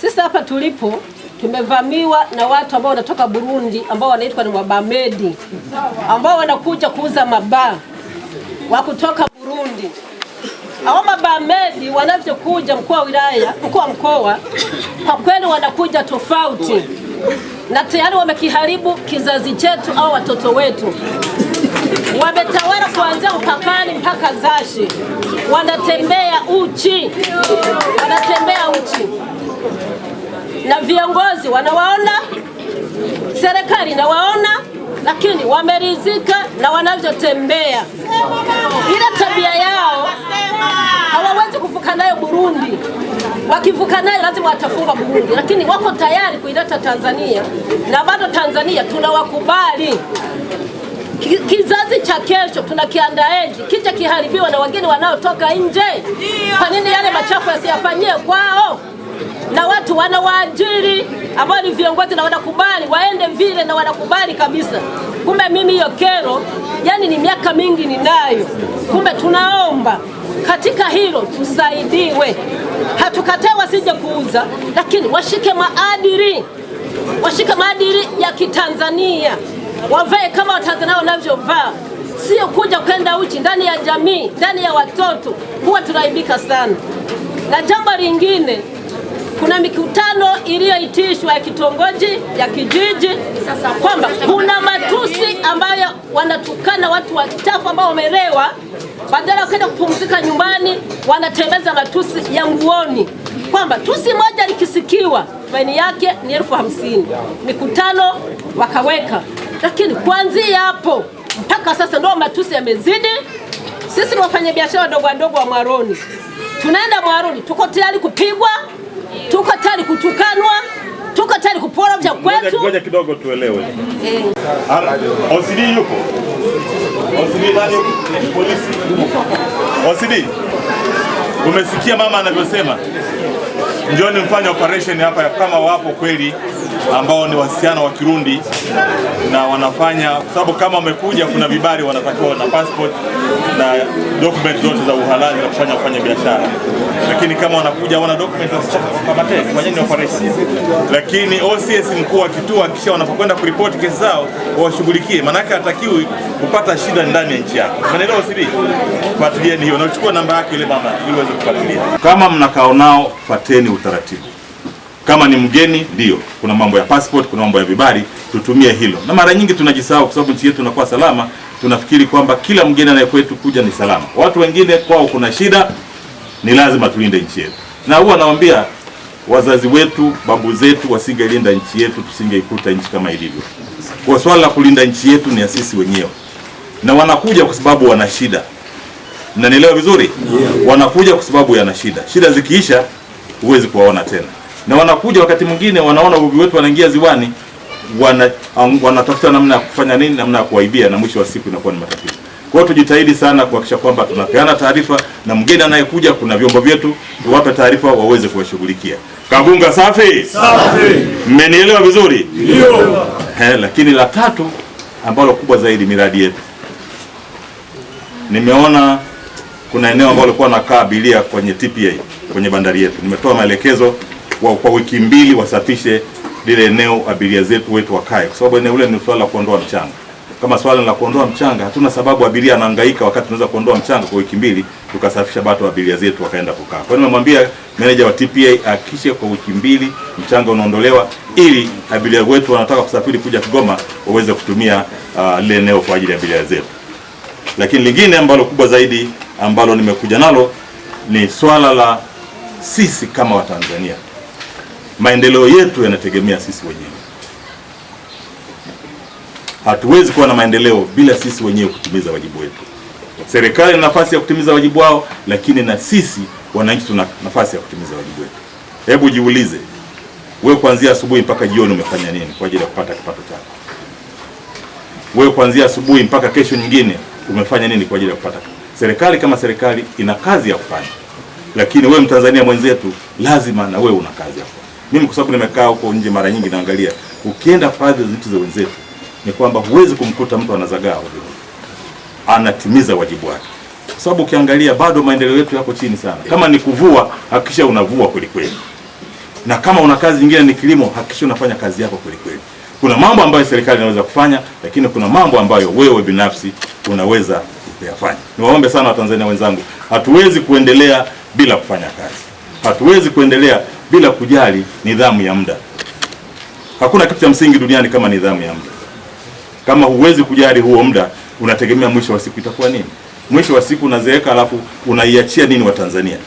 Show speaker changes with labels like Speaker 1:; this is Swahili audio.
Speaker 1: Sisi hapa tulipo tumevamiwa na watu ambao wanatoka Burundi ambao wanaitwa ni Wabamedi ambao wanakuja kuuza mabaa wa kutoka Burundi. Hao mabamedi wanavyokuja, mkuu wa wilaya, mkuu wa mkoa, kwa kweli wanakuja tofauti na tayari wamekiharibu kizazi chetu au watoto wetu. Wametawala kuanzia mpakani mpaka Zashi, wanatembea uchi, wanatembea uchi na viongozi wanawaona, serikali inawaona, lakini wameridhika na wanavyotembea. Ile tabia yao hawawezi kuvuka nayo Burundi, wakivuka nayo lazima watafunga Burundi, lakini wako tayari kuileta Tanzania, na bado Tanzania tunawakubali. Kizazi cha kesho tunakiandaeje kicha kiharibiwa na wageni wanaotoka nje? Kwa nini yale machafu yasiyafanyie kwao? na watu wanawaajiri ambao ni viongozi na wanakubali waende vile na wanakubali kabisa. Kumbe mimi hiyo kero, yani ni miaka mingi ninayo. Kumbe tunaomba katika hilo tusaidiwe, hatukatai wasije kuuza, lakini washike maadili, washike maadili ya Kitanzania, wavae kama Watanzania wanavyovaa, sio kuja kwenda uchi ndani ya jamii, ndani ya watoto. Huwa tunaibika sana. Na jambo lingine kuna mikutano iliyoitishwa ya kitongoji ya kijiji, kwamba kuna matusi ambayo wanatukana watu wachafu ambao wamelewa, badala wakaenda kupumzika nyumbani, wanatembeza matusi ya nguoni, kwamba tusi moja likisikiwa faini yake ni elfu hamsini. Mikutano wakaweka, lakini kuanzia hapo mpaka sasa ndio matusi yamezidi. Sisi ni wafanyabiashara wadogo wadogo wa Mwaroni, tunaenda Mwaroni, tuko tayari kupigwa tuko tayari kutukanwa, tuko tayari kupora vya kwetu.
Speaker 2: Ngoja kidogo tuelewe. Eh. OCD yupo? OCD nani? Polisi. OCD. Umesikia mama anavyosema? Njooni mfanye operation hapa kama wapo kweli ambao ni wasichana wa Kirundi na wanafanya kwa sababu kama wamekuja, kuna vibali wanatakiwa na passport na document zote za uhalali na kufanya kufanya biashara, lakini kama wanakuja wana document wasikamate Lakini OCS mkuu akitua kisha akisha wanapokwenda kuripoti kesi zao wawashughulikie, maanake hatakiwi kupata shida ndani ya nchi yako, umeelewa? Sibi fuatilieni hiyo, nachukua namba yake ile mama ili uweze kufuatilia. Kama mnakaonao, fateni utaratibu. Kama ni mgeni, ndio kuna mambo ya passport, kuna mambo ya vibali, tutumie hilo. Na mara nyingi tunajisahau, kwa sababu nchi yetu inakuwa salama, tunafikiri kwamba kila mgeni anayekwetu kuja ni salama. Watu wengine kwao kuna shida, ni lazima tulinde nchi yetu, na huwa nawaambia wazazi wetu, babu zetu wasingelinda nchi yetu, tusingeikuta nchi kama ilivyo. Kwa swala la kulinda nchi yetu ni sisi wenyewe, na wanakuja kwa sababu wana shida. Mnanielewa vizuri? Yeah. Wanakuja kwa sababu yana shida. Shida zikiisha, huwezi kuwaona tena na wanakuja wakati mwingine wanaona uvuvi wetu, wanaingia ziwani, wanatafuta wana, namna ya kufanya nini, namna ya kuwaibia, na mwisho wa siku inakuwa ni matatizo. Kwa hiyo tujitahidi sana kuhakikisha kwamba tunapeana taarifa na mgeni anayekuja, kuna vyombo vyetu tuwape taarifa waweze kuwashughulikia. Kabunga safi
Speaker 3: safi,
Speaker 2: mmenielewa vizuri? Ndio. Lakini la tatu ambalo kubwa zaidi, miradi yetu. Nimeona kuna eneo ambalo likuwa nakaa abiria kwenye TPA kwenye bandari yetu, nimetoa maelekezo wa, kwa wiki mbili wasafishe lile eneo abiria zetu wetu wakae, kwa sababu eneo lile ni swala la kuondoa mchanga. Kama swala la kuondoa mchanga, hatuna sababu abiria anahangaika wakati tunaweza kuondoa mchanga kwa wiki mbili tukasafisha bado abiria zetu wakaenda kukaa. Kwa hiyo nimemwambia meneja wa TPA ahakikishe kwa wiki mbili mchanga unaondolewa, ili abiria wetu wanataka kusafiri kuja Kigoma waweze kutumia ah, lile eneo kwa ajili ya abiria zetu. Lakini lingine ambalo kubwa zaidi ambalo nimekuja nalo ni swala la sisi kama Watanzania maendeleo yetu yanategemea sisi wenyewe. Hatuwezi kuwa na maendeleo bila sisi wenyewe kutimiza wajibu wetu. Serikali ina nafasi ya kutimiza wajibu wao, lakini na sisi wananchi tuna nafasi ya kutimiza wajibu wetu. Hebu jiulize wewe, kuanzia asubuhi mpaka jioni umefanya nini kwa ajili ya kupata kipato chako? Wewe kuanzia asubuhi mpaka kesho nyingine umefanya nini kwa ajili ya kupata? Serikali kama serikali ina kazi ya kufanya, lakini wewe Mtanzania mwenzetu, lazima na wewe una kazi ya kufanya. Mimi kwa sababu nimekaa huko nje mara nyingi naangalia, ukienda fadhi zetu za wenzetu ni kwamba huwezi kumkuta mtu anazagaa ovyo, anatimiza wajibu wake, kwa sababu ukiangalia bado maendeleo yetu yako chini sana. Kama ni kuvua, hakikisha unavua kweli kweli, na kama una kazi nyingine ni kilimo, hakikisha unafanya kazi yako kweli kweli. Kuna mambo ambayo serikali inaweza kufanya, lakini kuna mambo ambayo wewe binafsi unaweza kuyafanya. Niwaombe sana Watanzania wenzangu, hatuwezi kuendelea bila kufanya kazi, hatuwezi kuendelea bila kujali nidhamu ya muda. Hakuna kitu cha msingi duniani kama nidhamu ya muda. Kama huwezi kujali huo muda, unategemea mwisho wa siku itakuwa nini? Mwisho wa siku unazeeka, alafu unaiachia nini Watanzania?